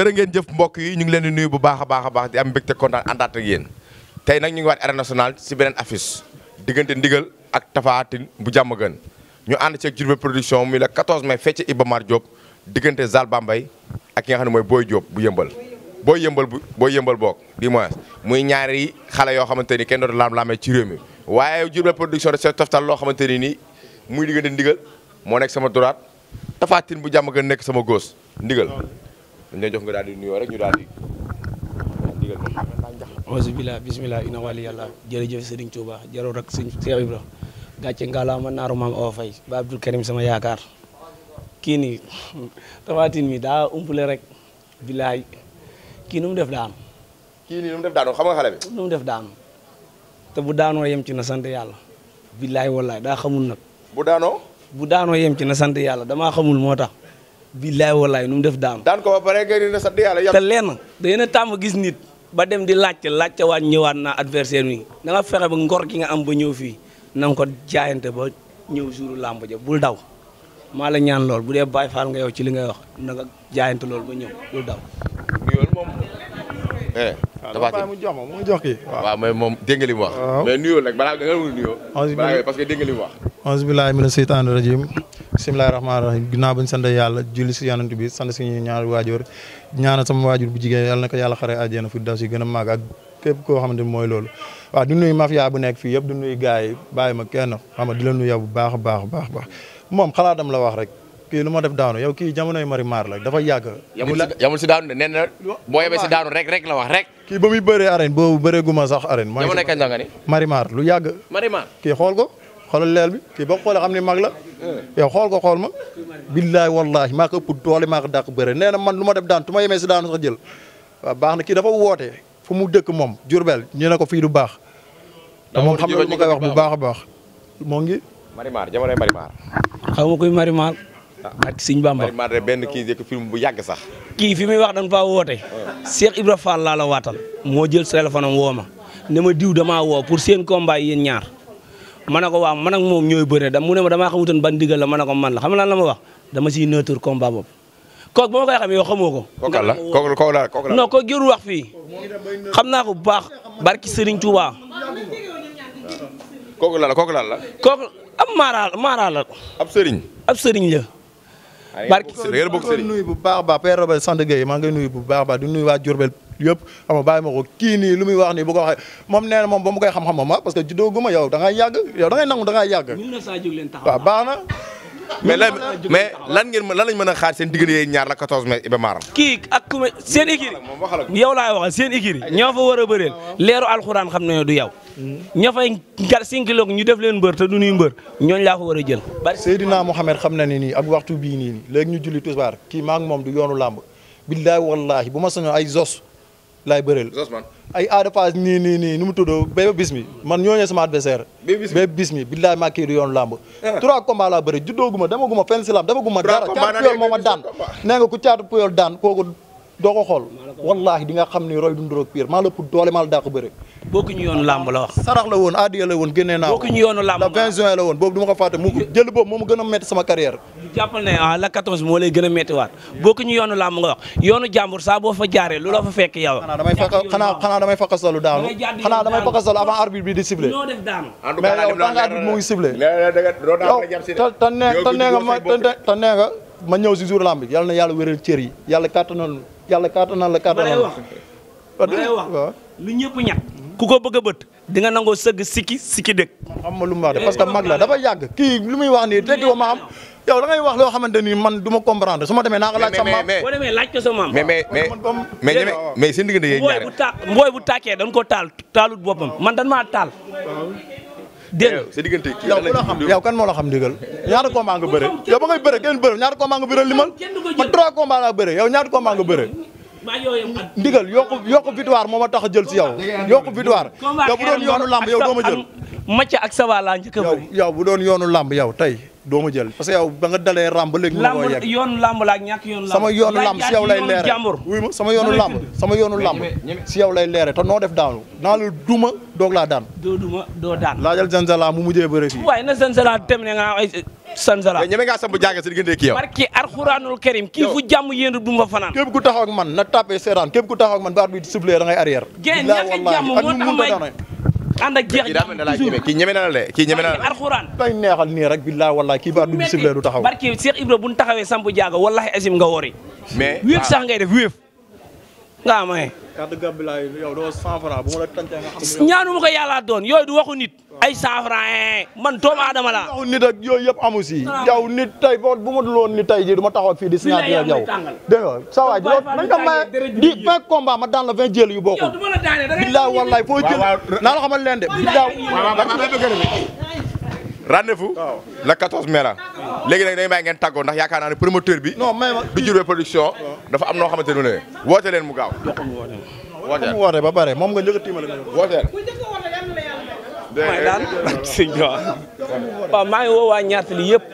jërë ngeen jëf mbokk yi ñu ngi leen di nuyu bu baaxa a baax a baax di am mbégte kontaan àndaat ak yéen tey nag ñu ngi waat arène nationale si beneen affiche diggante ndigal ak Tapha Tine bu jàmm gën ñu ànd ceeg Diourbel production muy la 14 mai fecc Iba Mar Diop diggante Zal Bambay ak ki nga xam ne mooy booy jóob bu yëmbal booy yëmbal bu booy yëmbal boog di moins muy ñaari xale yoo xamante ni kenn dootu laam-laamee ci réew mi waaye Diourbel production de see toftal loo xamante ni nii muy diggante ndigal moo nekk sama droite Tapha Tine bu gën nekk sama gauche ndigal dañ lay jox nga daal di nuyoo rek ñu daal di digal ma bisimilah bisimilah ina wali yàlla jërëjëf Serigne Touba jaroo rek sëñ Cheikh Ibra gàcce ngalaama naaru maam Karim sama yaakaar kii nii Tapha Tine mi daa umpule rek bilaay kii nu def daanu kii nii nu mu def daanu te bu daanoo yem ci na sant yàlla bilaay wallaay daa xamul nag bu daanoo yem ci na sant yàlla damaa xamul moo tax billaay walaay nu mu def daanu. daan ko ba pare nga ne sant yàlla te lenn da ngeen a gis nit ba dem di laajte laajte waan ñëwaan na adversaire mi da nga fexe ba ngor gi nga am ba ñëw fii nang ko jaayante ba ñëw jouru làmb ja bul daw maa la ñaan lool bu dee Baay Faal nga yow ci li ngay wax na jaayante lool ba ñëw bul daw. nuyoolu moom. waaw eh, ah, mu jox ma mu jox kii waaw moom dégg nga li mu wax. mais nuyoo nag parce que dégg nga li mu wax. billaahi mina seytaani rajiim bisimilahi rahmaani rahim ginnaaw bañ sant yàlla julli si yonent bi sant suñu ñaari waajur ñaanal sama waajur bu jigéen yàlla na ko yàlla xare àjjana fu daw si gën a màgg ak képp koo xamante ni mooy loolu waaw du nuyu mafia bu nekk fii yëpp du nuyu gars yi bàyyi ma kenn xam nga di la nuyu bu baax baax baax baax moom xalaatam la wax rek kii lu ma def daanu yow kii jamonoy mari maar la dafa yàgg yamul si daanu de nee na boo la wax rek kii ba muy bëree arène boobu bëree guma sax arène mooy jamono la nga ni mari maar lu yàgg kii xool ko xoolal leel bi fii boo xoolee xam ne mag la eh. yow xool ko xool ma billaay wallaahi maa ko ëpp doole maa ko dàq nee na man lu ma def daan tu ma yemee si daanu jël waaw na kii dafa woote fu mu dëkk moom Jurbel ñu ne ko fii du baax te moom xam na ma koy wax bu baax a baax moo ngi Marimar jamonoy Marimar xaw ma koy Marimar ah. ak Sëñ Bamba Marimar de benn kii film bu yàgg sax kii fi muy wax dañ faa woote ah. Cheikh Ibra Fall laa la waatal moo jël téléphone am woo ma ne ma diw damaa woo pour seen combat yéen ñaar ma ne ko waaw man ak moom ñooy bëre da mu ne ma damaa ban digal la mana ne ko man la xam lan la ma wax dama siy neutre combat boobu kooku ba ma koy xam yow xamoo ko. kooku la kooku kooku la kooku la non kooku wax fii xam naa ko bu baax barki Serigne Touba. kooku la la kooku la la. kooku ab maaraal maaraal la. ab Serigne. ab Serigne la. barki Serigne bu baax a baax Père Robert sant Gueye maa ngi nuyu bu baax di nuyu waa Diourbel yëpp xam nga bàyyi ma ko kii nii lu muy wax nii bu ko waxee moom nee na moom mu koy xam-xam ma ah parce que juddoo ma yow da ngay yàgg yow da ngay nangu da ngay na mais lan mais lan ngeen a la 14 mai Iba Mar kii ak ku ma seen écurie yow laay waxal seen écurie ñoo fa war a bëreel leeru alxuraan xam nañu du yow ñoo fay gar 5 kilos ñu def leen mbër te a jël Seydina Mohamed xam na ne nii ak waxtu bii nii nii léegi ñu julli tisbaar kii maa ngi moom du yoonu làmb billaahi wallaahi bu ma ay zos laay bëreel ay aada paas nii ni nii nu mu tudd Bébé Bismi man ñooñee sama adversaire Bébé Bismi billaay maa kii du yoon làmb ah. trois combats laa bëri juddooguma demaguma fenn si làmb demaguma dara caatu puyool moo ma daan nee ku caatu puyool daan ko xool wallaahi di xam ni roy dunduroog piir maa la pour doole maa la daa ko bëri bokku ñu yoonu làmb la sarax la woon addiya la woon génnee naa ko ñu yoonu làmb la 20 juin la woon boobu du ko fàtte a métti sama jàppal ne ah la 14 moo lay gën a méttiwaat boo ko ñu yoonu làmb nga wax yoonu jàmbur saa boo fa jaaree lu la fa fekk yow. xanaa damay fa xanaa damay damay fa kastalu avant bi di ciblé. tan ne tan ne ma tan ne nga ma ñëw si jour làmb yàlla na yàlla wéral cër yi yàlla kattanal yàlla kattanal la kattanal. ma lay wax lu ñëpp ñat ku ko bëgg a bët di nga nangoo sëgg sikki sikki dëkk. xam lu mu wax de parce que mag la dafa yàgg kii lu muy yow da ngay wax loo xamante ni man duma ma comprendre su ma demee naa ko laaj sa maam boo demee laaj ko sa maam mais mais mais mais bu ta mbooy ko taal taalut boppam man dañ maa taal dégg sa diggante kii yow ku xam yow kan moo la xam ndigal ñaata combat nga bëre yow ba ngay bëre kenn bëre ñaata combat nga bëre limal man trois combat laa bëre yow ñaata combat nga bëre ndigal yokku yokku moo ma tax jël si yow yokku victoire yow bu doon yoonu lamb yow doo ma jël macca ak saba laa njëkk a bëri yow bu doon yoonu lamb yow tey doo ma jël parce que yow ba nga dalee làmb ba léegi. ma woo yegg yoonu làmb la ak ñàkk yoonu làmb. sama yoonu làmb si lay leere wuy sama yoonu làmb si yow lay leere noo def daanu naa la duma doog laa daan. doo duma doo laajal Zanzala mu mujjee bëre fii. waaye na Zanzala dem ne nga ay Zanzala. mais ñeme ngaa samp jaaga si diggante kii yow. barki Alxuraanul Karim kii fu jàmm yéen du ma fanaan. képp ku taxaw man na tapé seetaan képp ku taxaw ak man ba arbitre sifflé da ngay arrière. ànd ak jeex toujours kii ñeme na la de ñeme na la alxuraan day neexal nii rek billaahi wallaahi kii baat du bisimilah du taxaw barki Ibra bu taxawee samp jaaga wallaahi asim nga wori mais wéef ah. sax ngay nga may carte gàmbi laay yow doo 100 francs bu ma la tàncee nga xam ñaanu ma ko yàlla doon yooyu du waxu nit ay 100 francs eh, man doomu aadama la waxu nit ak yooyu yëpp amu si yow nit tey boo bu ma dul woon nit tey jii du ma taxaw fii di signature yow dégg nga sa waay dañ ko may di vingt combat ma daan la vingt jël yu bokkul billaay wallaay naa la xamal leen de billaay rendez-vous le mai léegi nag day may ngeen tàggoo ndax yaakaar naa ne bi. non may ma production. dafa am noo xamante ne ne woote leen mu gaaw. woote mu woote ba pare moom nga a tiimale nga woote may sëñ maa ngi woo waa ñaatali yëpp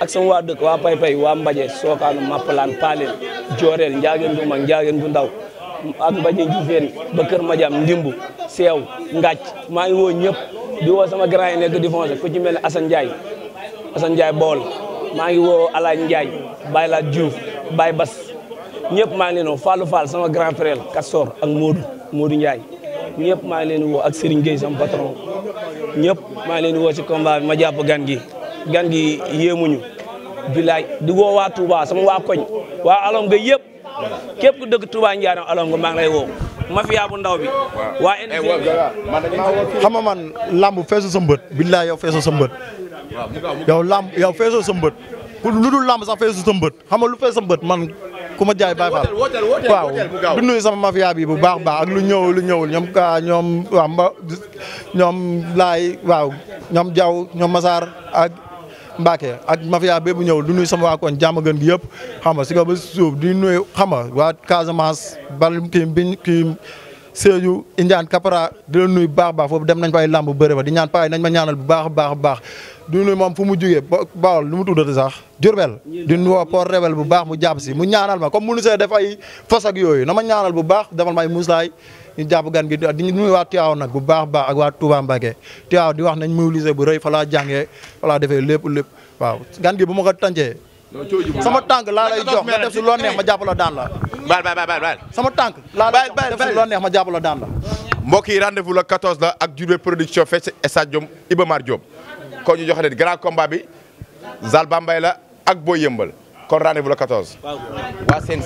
ak sama waa dëkk waa pay pay waa mbaje sookaanu mappalaan paaleel jooreel njaageen bu njaageen bu ndaw ak mbaje njufeen ba kër madiam ndimbu seew ngàcc maa ngi woo ñëpp di woo sama grand yi nekk di foncé ku ci mel ne Assane Ndiaye Bawol maa ngi woo Alaaj Ndiaye Baye Laat Diouf Baye Bas ñëpp maa ngi leen woo Fallou Fall sama grand frère Kastor ak Modou Modou Ndiaye ñëpp maa ngi leen woo ak Serigne Gueye sama patron ñëpp maa ngi leen woo ci combat bi ma jàpp gan gi gan gi yéemuñu bilaay di woo waa Touba sama waa koñ waa alom ga yëpp képp ku dëkk Touba Ndiarème alom ga maa ngi lay woo mafia bu ndaw bi waa eh, xam nga man lamb feesu sa mbët bilaay yow feesu yow làmb yow feesoo sa mbët pour lu dul làmb sax feesoo sa mbët xam nga lu fees sa man ku ma jaay bàyyi faal du nuyu sama mafia bi bu baax baax ak lu ñëw lu ñëwul ñoom ka ñoom waaw ñoom laay waaw ñoom jaw ñoom masaar ak Mbacke ak mafia bu ñëw du nuy sama waa koñ jàmm gën gi yëpp xam nga si ko ba suuf di nuyu xam nga waa Casamance bal kii biñ kii Sédhiou Indiane Kapara di la nuyu baax baax foofu dem nañ fa ay bu bëre ba di ñaan paa nañ ma ñaanal bu baax baax baax du ñu moom fu mu jugee Bawol lu mu tuddati sax Jurbel du ñu woo port rebel bu baax mu jàpp si mu ñaanal ma comme mënu see def ay fos yooyu na ma ñaanal bu baax defal ma ay muslaay ñu jàpp gan gi di nuyu waa Tiwaawan nag bu baax baax ak waa Touba Mbacké Tiwaawan di wax nañ mobiliser bu rëy fa laa jàngee fa defee lépp lépp waaw gan gi bu ma ko tàncee sama tànk laa lay jox nga def si loo ma jàpp la daan la baal baal baal sama tànk laa lay jox nga def ma jàpp la daan la mbokk yi rendez-vous la 14 la ak Diourbel production fee stade Iba Mar kon ñu joxe leen grand combat bi Zal Bambay la ak Boy Yëmbal kon rendez-vous le 14. waaw